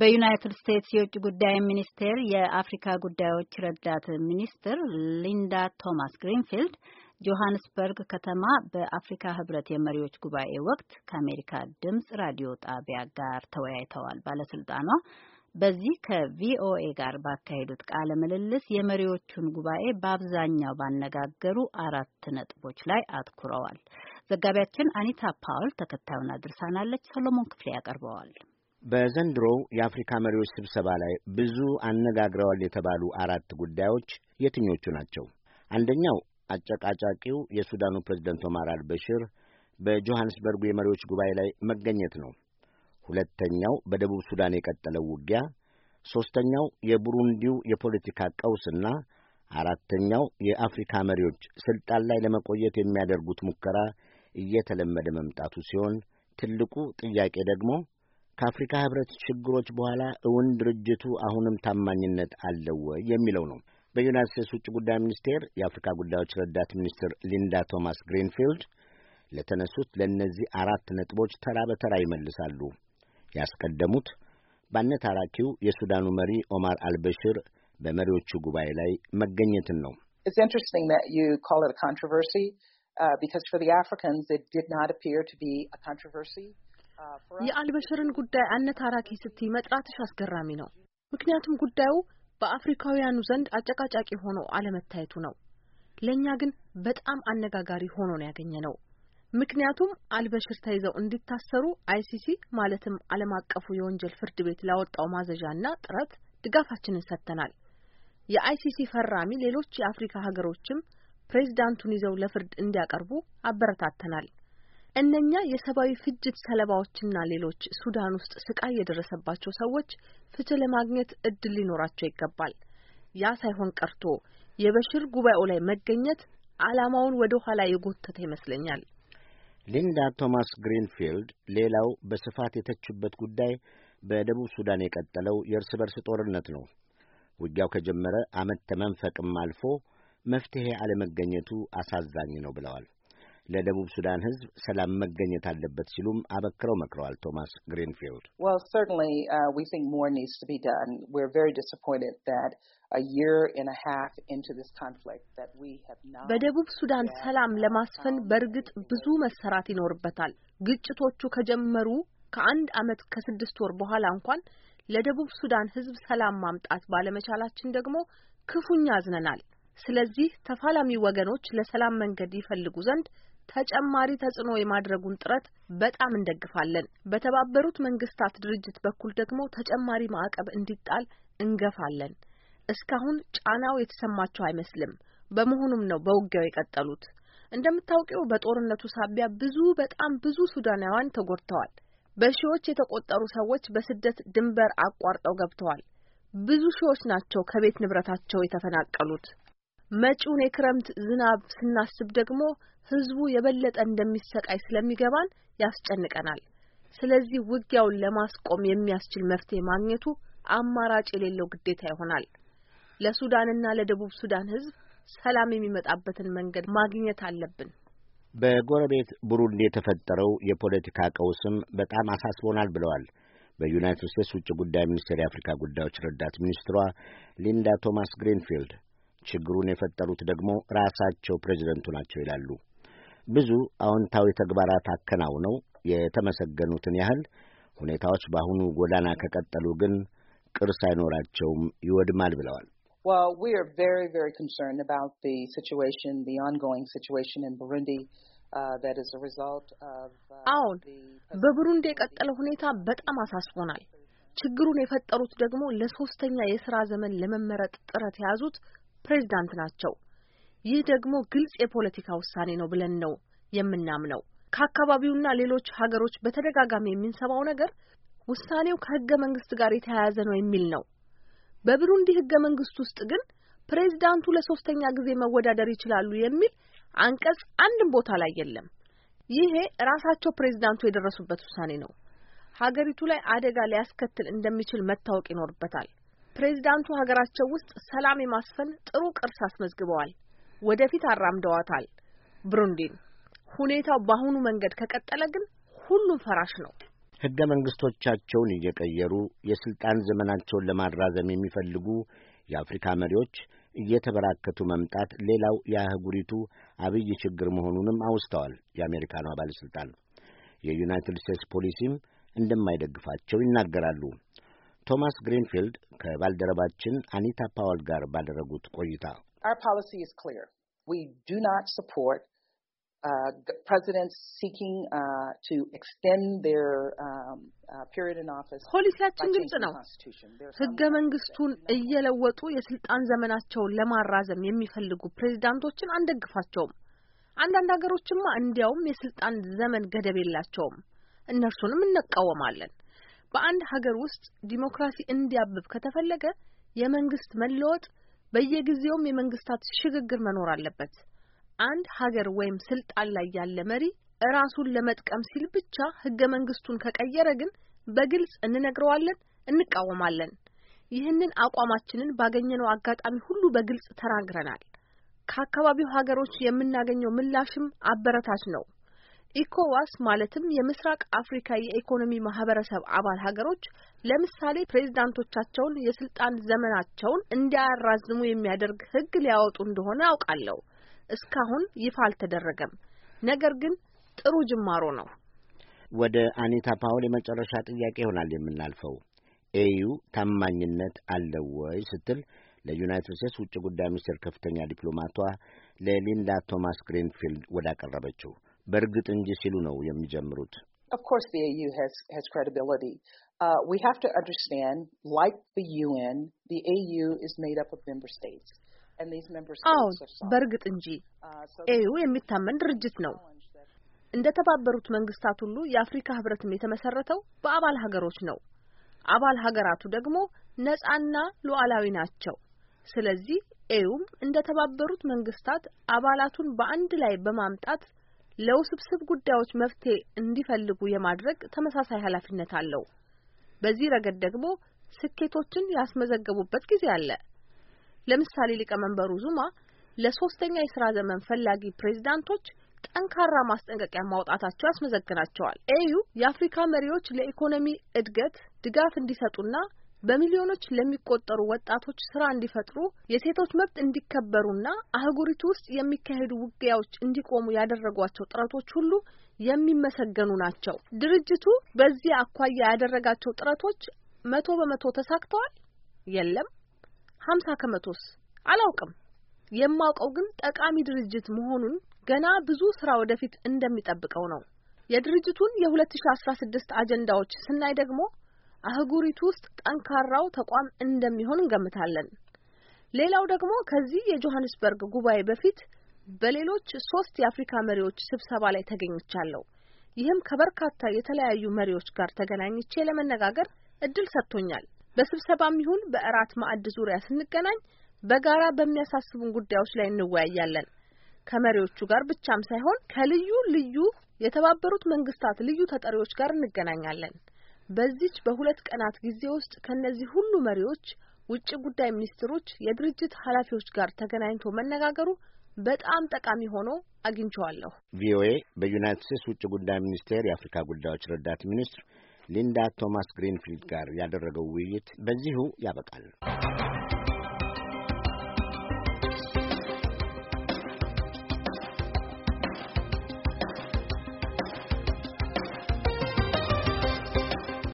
በዩናይትድ ስቴትስ የውጭ ጉዳይ ሚኒስቴር የአፍሪካ ጉዳዮች ረዳት ሚኒስትር ሊንዳ ቶማስ ግሪንፊልድ ጆሃንስበርግ ከተማ በአፍሪካ ህብረት የመሪዎች ጉባኤ ወቅት ከአሜሪካ ድምጽ ራዲዮ ጣቢያ ጋር ተወያይተዋል። ባለስልጣኗ በዚህ ከቪኦኤ ጋር ባካሄዱት ቃለ ምልልስ የመሪዎቹን ጉባኤ በአብዛኛው ባነጋገሩ አራት ነጥቦች ላይ አትኩረዋል። ዘጋቢያችን አኒታ ፓውል ተከታዩን አድርሳናለች። ሰሎሞን ክፍሌ ያቀርበዋል። በዘንድሮው የአፍሪካ መሪዎች ስብሰባ ላይ ብዙ አነጋግረዋል የተባሉ አራት ጉዳዮች የትኞቹ ናቸው? አንደኛው አጨቃጫቂው የሱዳኑ ፕሬዝደንት ኦማር አልበሽር በጆሐንስበርጉ የመሪዎች ጉባኤ ላይ መገኘት ነው። ሁለተኛው በደቡብ ሱዳን የቀጠለው ውጊያ፣ ሦስተኛው የቡሩንዲው የፖለቲካ ቀውስና አራተኛው የአፍሪካ መሪዎች ስልጣን ላይ ለመቆየት የሚያደርጉት ሙከራ እየተለመደ መምጣቱ ሲሆን ትልቁ ጥያቄ ደግሞ ከአፍሪካ ህብረት ችግሮች በኋላ እውን ድርጅቱ አሁንም ታማኝነት አለው ወይ የሚለው ነው። በዩናይት ስቴትስ ውጭ ጉዳይ ሚኒስቴር የአፍሪካ ጉዳዮች ረዳት ሚኒስትር ሊንዳ ቶማስ ግሪንፊልድ ለተነሱት ለእነዚህ አራት ነጥቦች ተራ በተራ ይመልሳሉ። ያስቀደሙት ባነታራኪው የሱዳኑ መሪ ኦማር አልበሽር በመሪዎቹ ጉባኤ ላይ መገኘትን ነው። የአልበሽርን ጉዳይ አነታራኪ ስትይ መጥራትሽ አስገራሚ ነው። ምክንያቱም ጉዳዩ በአፍሪካውያኑ ዘንድ አጨቃጫቂ ሆኖ አለመታየቱ ነው። ለእኛ ግን በጣም አነጋጋሪ ሆኖ ነው ያገኘ ነው። ምክንያቱም አልበሽር ተይዘው እንዲታሰሩ አይሲሲ ማለትም ዓለም አቀፉ የወንጀል ፍርድ ቤት ላወጣው ማዘዣና ጥረት ድጋፋችንን ሰጥተናል። የአይሲሲ ፈራሚ ሌሎች የአፍሪካ ሀገሮችም ፕሬዝዳንቱን ይዘው ለፍርድ እንዲያቀርቡ አበረታተናል። እነኛ የሰብአዊ ፍጅት ሰለባዎችና ሌሎች ሱዳን ውስጥ ስቃይ የደረሰባቸው ሰዎች ፍትህ ለማግኘት እድል ሊኖራቸው ይገባል። ያ ሳይሆን ቀርቶ የበሽር ጉባኤው ላይ መገኘት ዓላማውን ወደ ኋላ የጎተተ ይመስለኛል። ሊንዳ ቶማስ ግሪንፊልድ ሌላው በስፋት የተችበት ጉዳይ በደቡብ ሱዳን የቀጠለው የእርስ በርስ ጦርነት ነው። ውጊያው ከጀመረ ዓመት ተመንፈቅም አልፎ መፍትሔ አለመገኘቱ አሳዛኝ ነው ብለዋል። ለደቡብ ሱዳን ሕዝብ ሰላም መገኘት አለበት ሲሉም አበክረው መክረዋል። ቶማስ ግሪንፊልድ uh, በደቡብ ሱዳን ሰላም ለማስፈን በእርግጥ ብዙ መሰራት ይኖርበታል። ግጭቶቹ ከጀመሩ ከአንድ ዓመት ከስድስት ወር በኋላ እንኳን ለደቡብ ሱዳን ሕዝብ ሰላም ማምጣት ባለመቻላችን ደግሞ ክፉኛ አዝነናል። ስለዚህ ተፋላሚ ወገኖች ለሰላም መንገድ ይፈልጉ ዘንድ ተጨማሪ ተጽዕኖ የማድረጉን ጥረት በጣም እንደግፋለን። በተባበሩት መንግስታት ድርጅት በኩል ደግሞ ተጨማሪ ማዕቀብ እንዲጣል እንገፋለን። እስካሁን ጫናው የተሰማቸው አይመስልም። በመሆኑም ነው በውጊያው የቀጠሉት። እንደምታውቂው በጦርነቱ ሳቢያ ብዙ በጣም ብዙ ሱዳናውያን ተጎድተዋል። በሺዎች የተቆጠሩ ሰዎች በስደት ድንበር አቋርጠው ገብተዋል። ብዙ ሺዎች ናቸው ከቤት ንብረታቸው የተፈናቀሉት። መጪውን የክረምት ዝናብ ስናስብ ደግሞ ህዝቡ የበለጠ እንደሚሰቃይ ስለሚገባን ያስጨንቀናል። ስለዚህ ውጊያውን ለማስቆም የሚያስችል መፍትሄ ማግኘቱ አማራጭ የሌለው ግዴታ ይሆናል። ለሱዳንና ለደቡብ ሱዳን ህዝብ ሰላም የሚመጣበትን መንገድ ማግኘት አለብን። በጎረቤት ቡሩንዲ የተፈጠረው የፖለቲካ ቀውስም በጣም አሳስቦናል ብለዋል በዩናይትድ ስቴትስ ውጭ ጉዳይ ሚኒስቴር የአፍሪካ ጉዳዮች ረዳት ሚኒስትሯ ሊንዳ ቶማስ ግሪንፊልድ ችግሩን የፈጠሩት ደግሞ ራሳቸው ፕሬዚደንቱ ናቸው ይላሉ። ብዙ አዎንታዊ ተግባራት አከናውነው የተመሰገኑትን ያህል ሁኔታዎች በአሁኑ ጎዳና ከቀጠሉ ግን ቅርስ አይኖራቸውም፣ ይወድማል ብለዋል። አሁን በቡሩንዲ የቀጠለው ሁኔታ በጣም አሳስቦናል። ችግሩን የፈጠሩት ደግሞ ለሶስተኛ የስራ ዘመን ለመመረጥ ጥረት የያዙት ፕሬዝዳንት ናቸው። ይህ ደግሞ ግልጽ የፖለቲካ ውሳኔ ነው ብለን ነው የምናምነው። ከአካባቢውና ሌሎች ሀገሮች በተደጋጋሚ የሚንሰባው ነገር ውሳኔው ከህገ መንግስት ጋር የተያያዘ ነው የሚል ነው። በብሩንዲ ህገ መንግስት ውስጥ ግን ፕሬዝዳንቱ ለሶስተኛ ጊዜ መወዳደር ይችላሉ የሚል አንቀጽ አንድም ቦታ ላይ የለም። ይሄ ራሳቸው ፕሬዝዳንቱ የደረሱበት ውሳኔ ነው። ሀገሪቱ ላይ አደጋ ሊያስከትል እንደሚችል መታወቅ ይኖርበታል። ፕሬዚዳንቱ ሀገራቸው ውስጥ ሰላም የማስፈን ጥሩ ቅርስ አስመዝግበዋል። ወደፊት አራምደዋታል ብሩንዲን። ሁኔታው በአሁኑ መንገድ ከቀጠለ ግን ሁሉም ፈራሽ ነው። ሕገ መንግስቶቻቸውን እየቀየሩ የሥልጣን ዘመናቸውን ለማራዘም የሚፈልጉ የአፍሪካ መሪዎች እየተበራከቱ መምጣት ሌላው የአህጉሪቱ አብይ ችግር መሆኑንም አውስተዋል። የአሜሪካኗ ባለሥልጣን የዩናይትድ ስቴትስ ፖሊሲም እንደማይደግፋቸው ይናገራሉ። ቶማስ ግሪንፊልድ ከባልደረባችን አኒታ ፓወል ጋር ባደረጉት ቆይታ ፖሊሲያችን ግልጽ ነው። ህገ መንግስቱን እየለወጡ የስልጣን ዘመናቸውን ለማራዘም የሚፈልጉ ፕሬዚዳንቶችን አንደግፋቸውም። አንዳንድ ሀገሮችማ እንዲያውም የስልጣን ዘመን ገደብ የላቸውም። እነርሱንም እንቃወማለን። በአንድ ሀገር ውስጥ ዲሞክራሲ እንዲያብብ ከተፈለገ የመንግስት መለወጥ በየጊዜውም የመንግስታት ሽግግር መኖር አለበት። አንድ ሀገር ወይም ስልጣን ላይ ያለ መሪ ራሱን ለመጥቀም ሲል ብቻ ህገ መንግስቱን ከቀየረ ግን በግልጽ እንነግረዋለን፣ እንቃወማለን። ይህንን አቋማችንን ባገኘነው አጋጣሚ ሁሉ በግልጽ ተናግረናል። ከአካባቢው ሀገሮች የምናገኘው ምላሽም አበረታች ነው። ኢኮዋስ ማለትም የምስራቅ አፍሪካ የኢኮኖሚ ማህበረሰብ አባል ሀገሮች ለምሳሌ ፕሬዝዳንቶቻቸውን የስልጣን ዘመናቸውን እንዲያራዝሙ የሚያደርግ ህግ ሊያወጡ እንደሆነ አውቃለሁ። እስካሁን ይፋ አልተደረገም። ነገር ግን ጥሩ ጅማሮ ነው። ወደ አኒታ ፓውል የመጨረሻ ጥያቄ ይሆናል የምናልፈው። ኤዩ ታማኝነት አለው ወይ ስትል ለዩናይትድ ስቴትስ ውጭ ጉዳይ ሚኒስቴር ከፍተኛ ዲፕሎማቷ ለሊንዳ ቶማስ ግሪንፊልድ ወዳቀረበችው በእርግጥ እንጂ ሲሉ ነው የሚጀምሩት። Of course, the AU has, has credibility. Uh, we have to understand, like the UN, the AU is made up of member states. በእርግጥ እንጂ ኤዩ uh, የሚታመን ድርጅት ነው። እንደ ተባበሩት መንግስታት ሁሉ የአፍሪካ ህብረትም የተመሰረተው በአባል ሀገሮች ነው። አባል ሀገራቱ ደግሞ ነጻና ሉዓላዊ ናቸው። ስለዚህ ኤዩም እንደ ተባበሩት መንግስታት አባላቱን በአንድ ላይ በማምጣት ለውስብስብ ጉዳዮች መፍትሄ እንዲፈልጉ የማድረግ ተመሳሳይ ኃላፊነት አለው። በዚህ ረገድ ደግሞ ስኬቶችን ያስመዘገቡበት ጊዜ አለ። ለምሳሌ ሊቀመንበሩ ዙማ ለሶስተኛ የስራ ዘመን ፈላጊ ፕሬዝዳንቶች ጠንካራ ማስጠንቀቂያ ማውጣታቸው ያስመዘግናቸዋል። ኤዩ የአፍሪካ መሪዎች ለኢኮኖሚ እድገት ድጋፍ እንዲሰጡና በሚሊዮኖች ለሚቆጠሩ ወጣቶች ስራ እንዲፈጥሩ የሴቶች መብት እንዲከበሩና አህጉሪቱ ውስጥ የሚካሄዱ ውጊያዎች እንዲቆሙ ያደረጓቸው ጥረቶች ሁሉ የሚመሰገኑ ናቸው። ድርጅቱ በዚህ አኳያ ያደረጋቸው ጥረቶች መቶ በመቶ ተሳክተዋል? የለም። ሀምሳ ከመቶስ አላውቅም። የማውቀው ግን ጠቃሚ ድርጅት መሆኑን ገና ብዙ ስራ ወደፊት እንደሚጠብቀው ነው። የድርጅቱን የ2016 አጀንዳዎች ስናይ ደግሞ አህጉሪቱ ውስጥ ጠንካራው ተቋም እንደሚሆን እንገምታለን። ሌላው ደግሞ ከዚህ የጆሀንስበርግ ጉባኤ በፊት በሌሎች ሶስት የአፍሪካ መሪዎች ስብሰባ ላይ ተገኝቻለሁ። ይህም ከበርካታ የተለያዩ መሪዎች ጋር ተገናኝቼ ለመነጋገር እድል ሰጥቶኛል። በስብሰባም ይሁን በእራት ማዕድ ዙሪያ ስንገናኝ በጋራ በሚያሳስቡን ጉዳዮች ላይ እንወያያለን። ከመሪዎቹ ጋር ብቻም ሳይሆን ከልዩ ልዩ የተባበሩት መንግስታት ልዩ ተጠሪዎች ጋር እንገናኛለን። በዚች በሁለት ቀናት ጊዜ ውስጥ ከነዚህ ሁሉ መሪዎች፣ ውጭ ጉዳይ ሚኒስትሮች፣ የድርጅት ኃላፊዎች ጋር ተገናኝቶ መነጋገሩ በጣም ጠቃሚ ሆኖ አግኝቸዋለሁ። ቪኦኤ በዩናይትድ ስቴትስ ውጭ ጉዳይ ሚኒስቴር የአፍሪካ ጉዳዮች ረዳት ሚኒስትር ሊንዳ ቶማስ ግሪንፊልድ ጋር ያደረገው ውይይት በዚሁ ያበቃል።